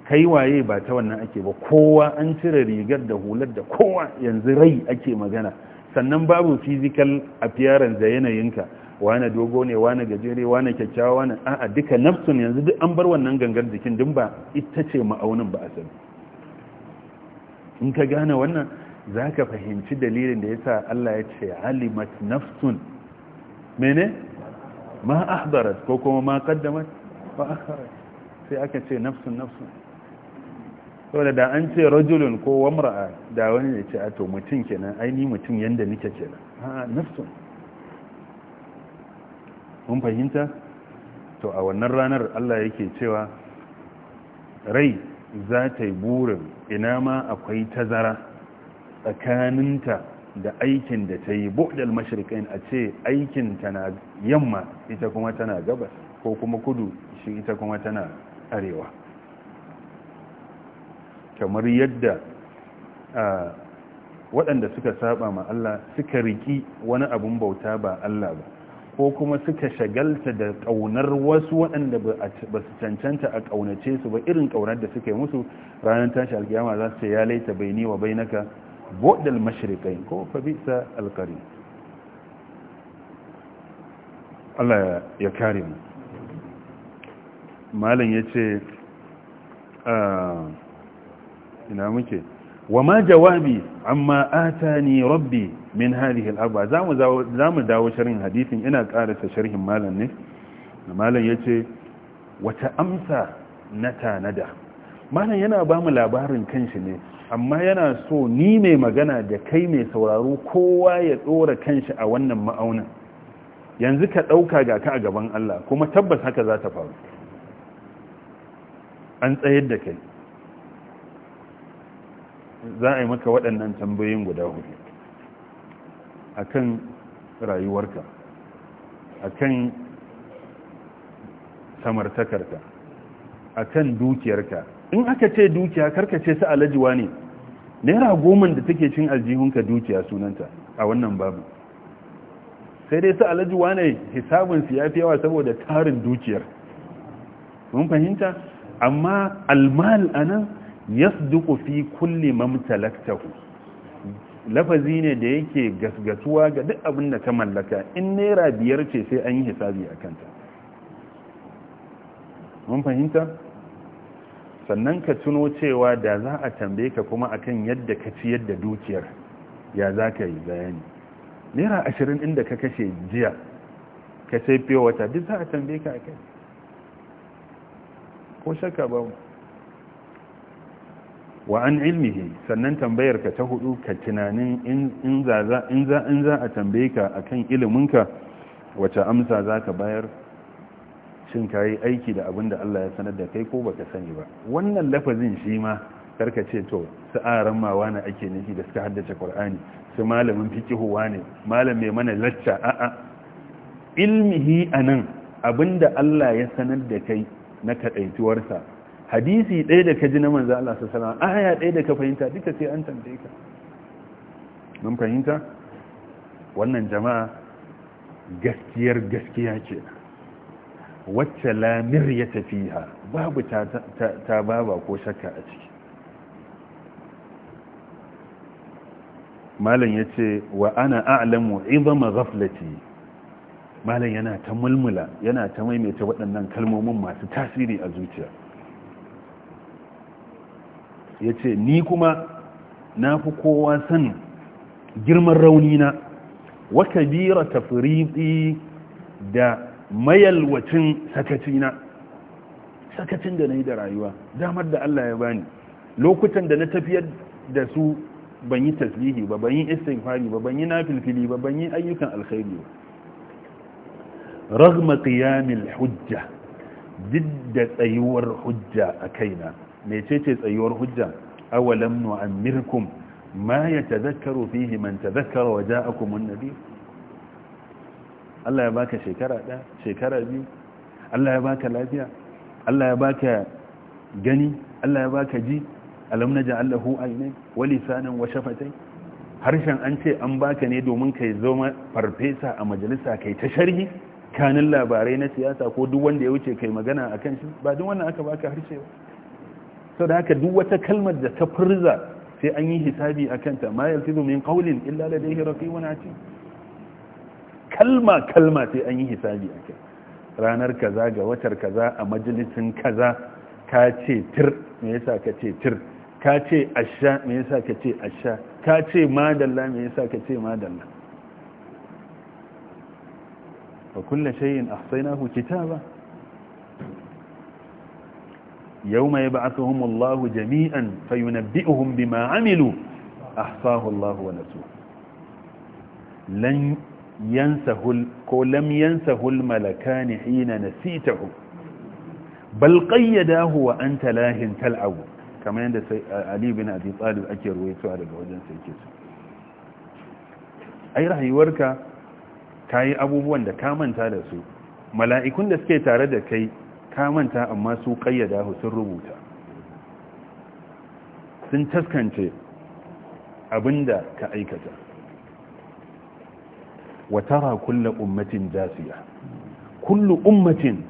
[SPEAKER 1] kai waye ba ta wannan ake ba kowa an cire rigar da hular da kowa yanzu rai ake magana sannan babu physical appearance da yanayinka wane dogo ne wane gajere wane kyakkyawa wane a'a duka nafsun yanzu duk an bar wannan gangar jikin din ba ita ce ma'aunin ba a sani in ka gane wannan za ka fahimci dalilin da ya sa Allah ya ce alimat nafsun mene ma ahbarat ko kuma ma kaddamat ba sai aka ce nafsun nafsun saboda da an ce rajulun ko wamra'a da wani ya ce a mutum kenan aini mutum yanda nike kenan a nafsun mun fahimta to a wannan ranar Allah yake cewa rai za ta yi burin ina ma akwai tazara tsakaninta da aikin da ta yi buɗal mashirƙin a ce aikinta na yamma ita kuma tana gabas ko kuma kudu shi ita kuma tana arewa kamar yadda waɗanda suka saba ma Allah suka riki wani abun bauta ba Allah ba ko kuma suka shagalta da ƙaunar wasu waɗanda ba su cancanta a ƙaunace su ba irin ƙaunar da suka yi musu ranar tashi alkiyama za su ce ya laita bai ni wa bai naka bodal mashirikai ko sa alkari Allah ya kare mu malam ya ce ah, ina muke wa ma jawabi amma atani rabbi min hadhihi al-arba zamu zamu dawo sharhin hadisin ina karanta sharhin malam ne malam yace wata amsa na tanada malam yana ba mu labarin kanshi ne amma yana so ni mai magana da kai mai sauraro kowa ya tsora kanshi a wannan ma'aunin yanzu ka ɗauka ga ka a gaban Allah kuma tabbas haka za ta faru an tsayar da kai za a yi maka waɗannan tambayoyin guda hudu kan rayuwarka a kan samartakarka kan dukiyarka in aka ce dukiya karka ce su alajiwa ne naira goma da take cin aljihunka dukiya sunanta a wannan babu sai dai su alajiwa ne hisabinsu ya yawa saboda tarin dukiyar mun fahimta amma almal anan yasduqu fi kulli mamtalaktahu lafazi ne da yake gasgatuwa ga duk abin da ka mallaka in naira biyar ce sai an yi hisabi a kanta mun fahimta sannan ka tuno cewa da za a tambaye ka kuma akan yadda ka ci yadda dukiyar ya za ka yi bayani naira ashirin inda ka kashe jiya ka sai fiye wata duk za a tambaye ka kai ko shakka ba mu wa an ilmihi sannan tambayar ka ta hudu ka tunanin in za a tambaye ka akan iliminka wace amsa za ka bayar shin kayi aiki da abin da Allah ya sanar da kai ko baka sani ba wannan lafazin shi ma karka ce to su aran mawa na ake nufi da suka haddace kur'ani su malamin fikihowa ne malam mai mana lacca a'a ilmihi a anan abinda Allah ya sanar da kai na kadaituwarsa hadisi ɗaya da ka ji na manzan Allah su alaihi aya ɗaya da ka fahimta duka sai an tambaye ka mun fahimta wannan jama'a gaskiyar gaskiya ce wacce lamir ya tafi ha babu ta baba ko shakka a ciki malam ya ce wa ana a'lamu izama zaflati malam yana ta mulmula yana ta maimaita waɗannan kalmomin masu tasiri a zuciya ya ce ni kuma na fi kowa san girman raunina wa kabira tafriqi da mayalwacin sakacina sakacin da na yi da rayuwa damar da Allah ya bani lokutan da na tafiyar da su ban yi taslihi ba ban yi istighfari ba ban yi nafilfili ba ban yi ayyukan alkhairi ba ragma qiyamil hujja da tsayuwar hujja a kaina mecece tsayuwar hujja awalam nu'ammirkum ma yatadhakkaru fihi man tadhakkara wa ja'akum an-nabi Allah ya baka shekara ɗaya shekara biyu Allah ya baka lafiya Allah ya baka gani Allah ya baka ji alam naj'al lahu aynay wa lisanan wa shafatay harshen an ce an baka ne domin kai zoma farfesa a majalisa kai ta sharhi kanin labarai na siyasa ko duk wanda ya wuce kai magana akan shi ba duk wannan aka baka harshe ba sau da haka duk wata kalmar da ta furza sai an yi hisabi a kanta ma yaltizu min qawlin illa ladayhi raqibun ce kalma kalma sai an yi hisabi a kai ranar kaza ga watar kaza a majalisin kaza ka ce tir me yasa ka ce tir ka ce asha me yasa ka ce asha ka ce madalla me yasa ka ce madalla wa kulle shay'in ahsaynahu kitaba يوم يبعثهم الله جميعا فينبئهم بما عملوا أحصاه الله ونسوه لن ينسه لم ينسه الملكان حين نسيته بل قيداه وأنت لاه تلعب كما عند علي بن أبي طالب أكي رويته على الوجن سيكيسه أي رح يورك كاي أبو بوان دا كامن تالسو mala'ikun da suke tare da kai ka manta amma su kayyada sun rubuta sun taskance abinda ka aikata wa tara kullu ummatin jasiya kullu ummatin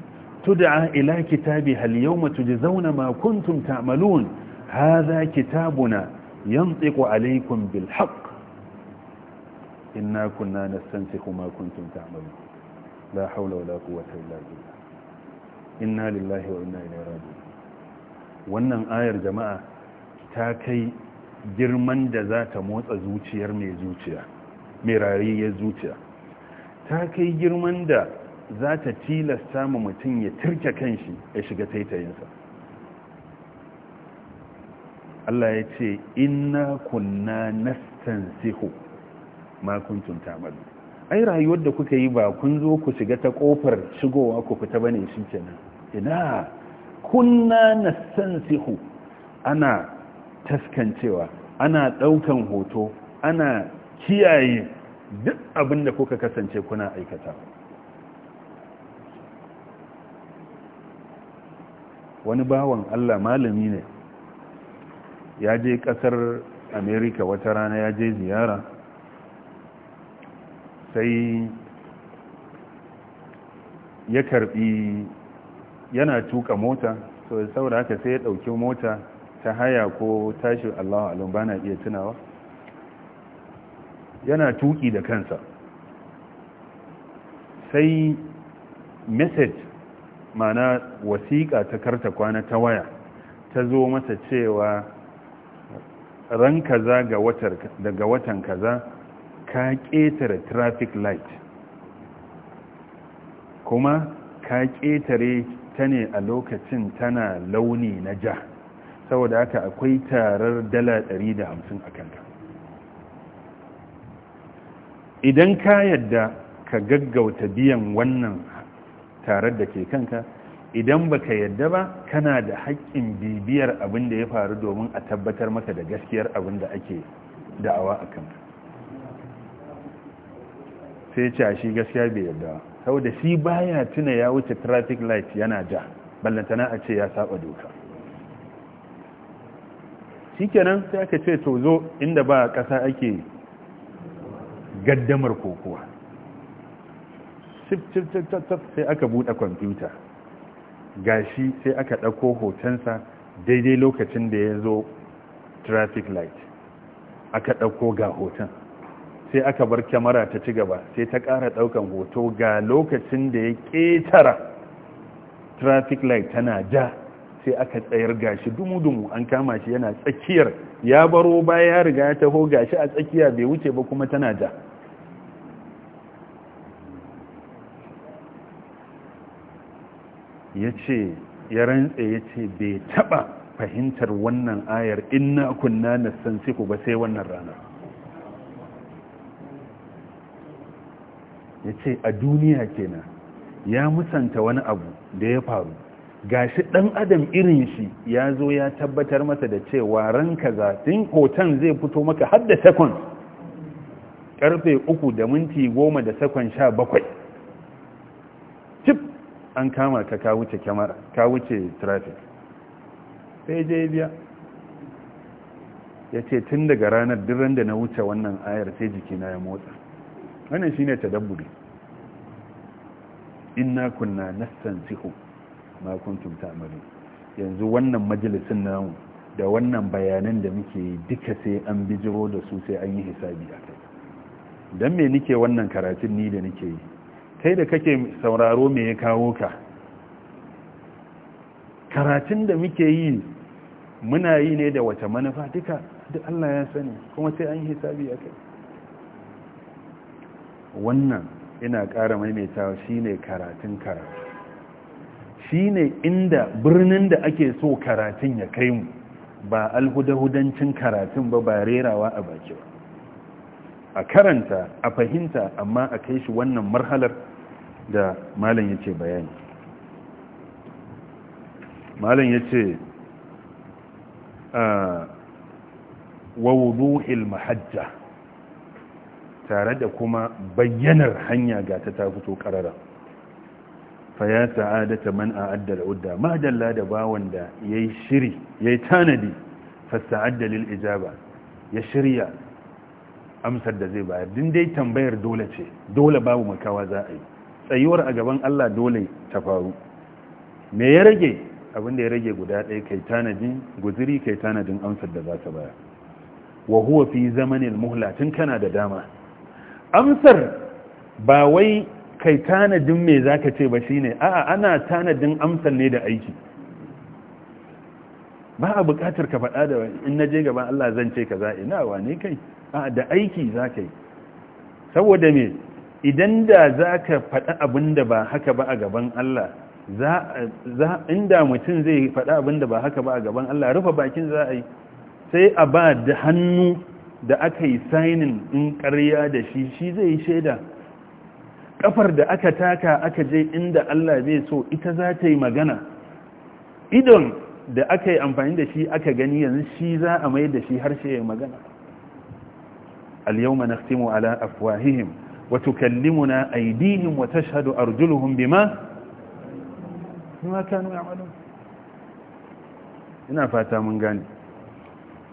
[SPEAKER 1] tud'a ila kitabiha al-yawma tujzauna ma kuntum ta'malun hadha kitabuna yantiqu alaykum bil haqq inna kunna nastansikhu ma kuntum ta'malun la hawla wala quwwata illa billah inna lillahi wa inna ilaihi raji'un wannan ayar jama'a ta kai girman da za ta motsa zuciyar mai zuciya mai rariyar zuciya ta kai girman da za ta tilasta ma mutum ya turke kanshi ya shiga taitayinsa Allah ya ce inna kunna nastansihu ma kuntum ta'malu ai rayuwar da kuka yi ba kun zo ku shiga ta kofar shigowa ku fita bane shi kenan ina kunna nastansihu ana taskancewa ana daukan hoto ana kiyaye duk abin da kuka kasance kuna aikata wani bawan Allah malami ne ya je kasar America wata rana ya je ziyara sai ya karbi yana tuka mota so saboda haka sai ya dauki mota ta haya ko tashi Allahu alam bana iya tunawa yana tuki da kansa sai message mana wasiƙa ta karta kwana ta waya ta zo masa cewa ran kaza daga watan kaza ka ƙetare traffic light kuma ka ƙetare ta ne a lokacin tana launi na ja saboda haka akwai tarar dala 150 a kanta. idan ka yadda ka gaggauta biyan wannan tarar da ke kanka idan baka yadda ba kana da haƙƙin bibiyar abin da ya faru domin a tabbatar maka da gaskiyar abin da ake da'awa a kanka sai ce a shi gaskiya bai yarda saboda shi baya tuna ya wuce traffic light yana ja ballantana a ce ya saba doka shikenan sai aka ce to zo inda ba ƙasa ake gaddamar kokowa sai aka bude kwamfuta gashi sai aka ɗauko hotonsa daidai lokacin da ya zo traffic light aka ɗauko ga hoton sai aka bar kyamara ta ci gaba sai ta ƙara ɗaukan hoto ga lokacin da ya ƙetara traffic light tana ja sai aka tsayar gashi dumu-dumu an kama shi yana tsakiyar ya baro baya ya riga ya taho gashi a tsakiya bai wuce ba kuma tana ja ya ce ya rantse ya ce bai taɓa fahimtar wannan ayar inna kunna na sansiku ba sai wannan ranar ya ce a duniya kenan ya musanta wani abu da ya faru gashi ɗan adam irin shi ya zo ya tabbatar masa da cewa ran kaza tun hoton zai fito maka har da sakon karfe uku da minti goma da sakon sha cip an kama ka ka wuce kyamara ka wuce sai je biya ya ce tun daga ranar duran da na wuce wannan ayar sai jikina ya motsa wannan shi shine tadabburi inna kunna nastansihu ma kuntum ta'malun yanzu wannan majalisin namu da wannan bayanan da muke yi duka sai an bijiro da su sai an yi hisabi a kai don me nike wannan karatun ni da nike yi kai da kake sauraro me ya kawo ka karatun da muke yi muna yi ne da wata manufa duka duk Allah ya sani kuma sai an yi hisabi a kai wannan ina ƙara maimaitawa shine karatun karatu shine inda birnin da ake so karatun ya kai mu ba alhudahudancin karatun ba ba rerawa a baki ba a karanta a fahimta amma a kai shi wannan marhalar da malam yace bayani malam yace ah, wa wuduhil mahajja tare da kuma bayyanar hanya ga ta ta fito karara fa ya sa'adata man a'adda udda ma dalla da bawan da yayi shiri yayi tanadi fa sa'adda lil ijaba ya shirya amsar da zai bayar din dai tambayar dole ce dole babu makawa za a yi tsayuwar a gaban Allah dole ta faru me ya rage abin da ya rage guda ɗaya kai tanadin guziri kai tanadin amsar da za ta bayar wa huwa fi zamanil muhla tun kana da dama amsar ba wai kai tanadin me zaka ce ba shine a'a ana tanadin amsar ne da aiki ba a bukatar ka faɗa da in na je gaban Allah zan ce kaza ina wane kai a da aiki zaka yi saboda me idan da zaka faɗa abin da ba haka ba a gaban Allah za inda mutum zai faɗa abin da ba haka ba a gaban Allah rufe bakin za a yi sai a ba da hannu da aka yi sainin in ƙarya da shi shi zai yi shaida ƙafar da aka taka aka je inda Allah zai so ita za ta yi magana idon da aka yi amfani da shi aka gani yanzu shi za a mai da shi harshe ya magana al-yawma naqtimu ala afwahihim wa tukallimuna aydihim wa tashhadu arjuluhum bima bima kanu ya'malun ina fata mun gane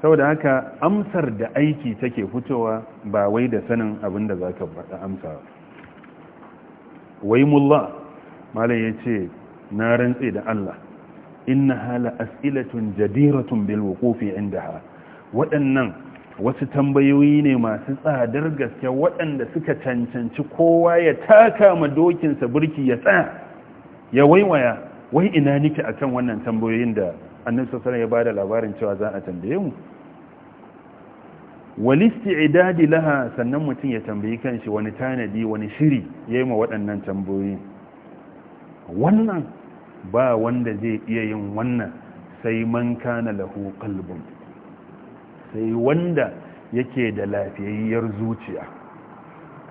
[SPEAKER 1] saboda haka amsar da aiki take fitowa ba wai da sanin abin da za ka faɗa amsa wai mulla malai ya ce na rantse da Allah inna hala as'ilatun jadiratun bil inda indaha waɗannan wasu tambayoyi ne masu tsadar gaske waɗanda suka cancanci kowa ya taka ma dokinsa burki ya tsaya ya waiwaya wai ina nike akan wannan tambayoyin da annabi sallallahu alaihi ya bada labarin cewa za a tambaye mu walisti'dadi laha sannan mutum ya tambayi kanshi wani tanadi wani shiri yayin ma waɗannan tambayoyi wannan ba wanda zai iya yin wannan sai man kana lahu qalbun sai wanda yake da lafiyayyar zuciya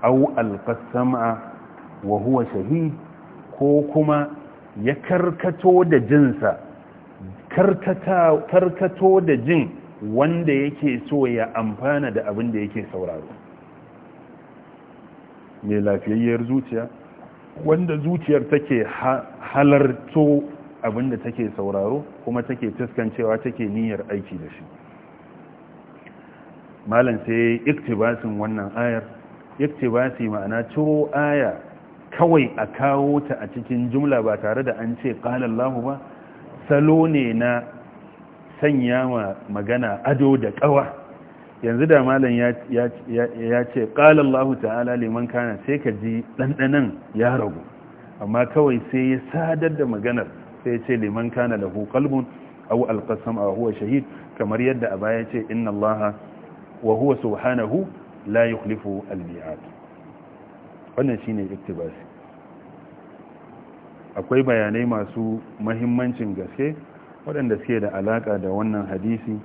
[SPEAKER 1] au alqasama wa huwa shahid ko kuma ya karkato da jinsa karkato da jin wanda yake so ya amfana da abin da yake sauraro mai lafiyayyar zuciya wanda zuciyar take halarto abin da take sauraro kuma take fuskancewa take niyyar aiki da shi malam sai iktibasin wannan ayar iktibasi ma'ana ciro aya kawai a kawo ta a cikin jumla ba tare da an ce ƙalallahu ba salo ne na sanya wa magana ado da ƙawa yanzu da malam ya ce ƙalallahu ta'ala liman kana sai ka ji ɗanɗanan ya ragu amma kawai sai ya sadar da maganar sai ce liman kana lahu qalbun aw alqasam a huwa shahid kamar yadda a baya ce inna allaha wa huwa subhanahu la yukhlifu almi'ad wannan shine iktibasi akwai bayanai masu mahimmancin gaske waɗanda suke da alaƙa da wannan hadisi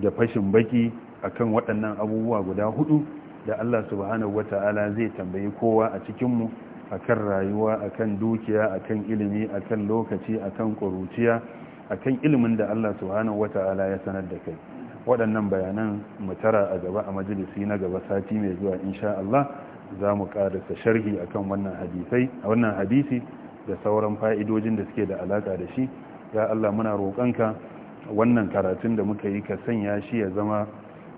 [SPEAKER 1] da fashin baki akan waɗannan abubuwa guda hudu da Allah subhanahu wata'ala zai tambayi kowa a cikinmu akan rayuwa akan dukiya akan ilimi akan lokaci akan ƙuruciya akan ilimin da Allah subhanahu wata'ala ya sanar da kai waɗannan bayanan mutara a gaba a majalisi na gaba sati mai zuwa insha Allah za mu ƙarasa sharhi akan wannan hadisi da sauran fa'idojin da suke da alaƙa da shi ya Allah muna roƙonka wannan karatun da muka yi ka sanya shi ya zama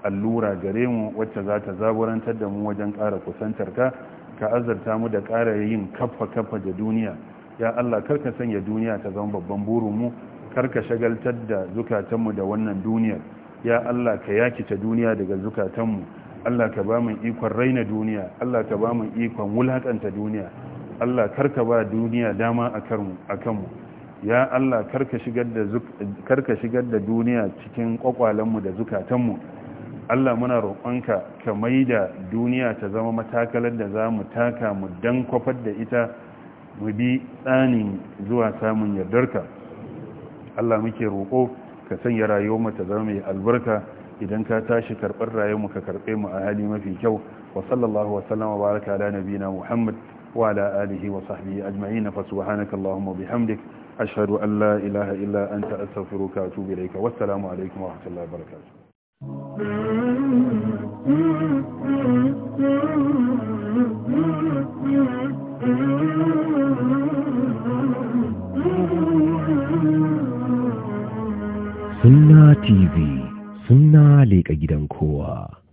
[SPEAKER 1] allura gare mu wacce za ta zaburantar da mu wajen ƙara kusantar ka ka azarta mu da ƙara yin kafa kafa da duniya ya Allah karka sanya duniya ta zama babban burin mu karka shagaltar da zukatanmu da wannan duniyar ya Allah ka yakice duniya daga zukatanmu Allah ka ba mu ikon raina duniya Allah ka ba mu ikon wulakanta duniya Allah karka ba duniya dama a kanmu ya Allah karka shigar da duniya cikin kwakwalenmu da zukatanmu Allah muna roƙonka ka mai da duniya ta zama matakalar da za taka mu dan kwafar da ita mu bi tsanin zuwa samun yardarka Allah muke roƙo ka sanya mu ta zama mai albarka idan ka tashi karɓar mu ka karɓe mu a hali mafi kyau wa sallallahu wa sallama baraka ala nabina Muhammad وعلى آله وصحبه أجمعين فسبحانك اللهم وبحمدك أشهد أن لا إله إلا أنت أستغفرك وأتوب إليك والسلام عليكم ورحمة الله وبركاته Sunna TV, سنة leƙa gidan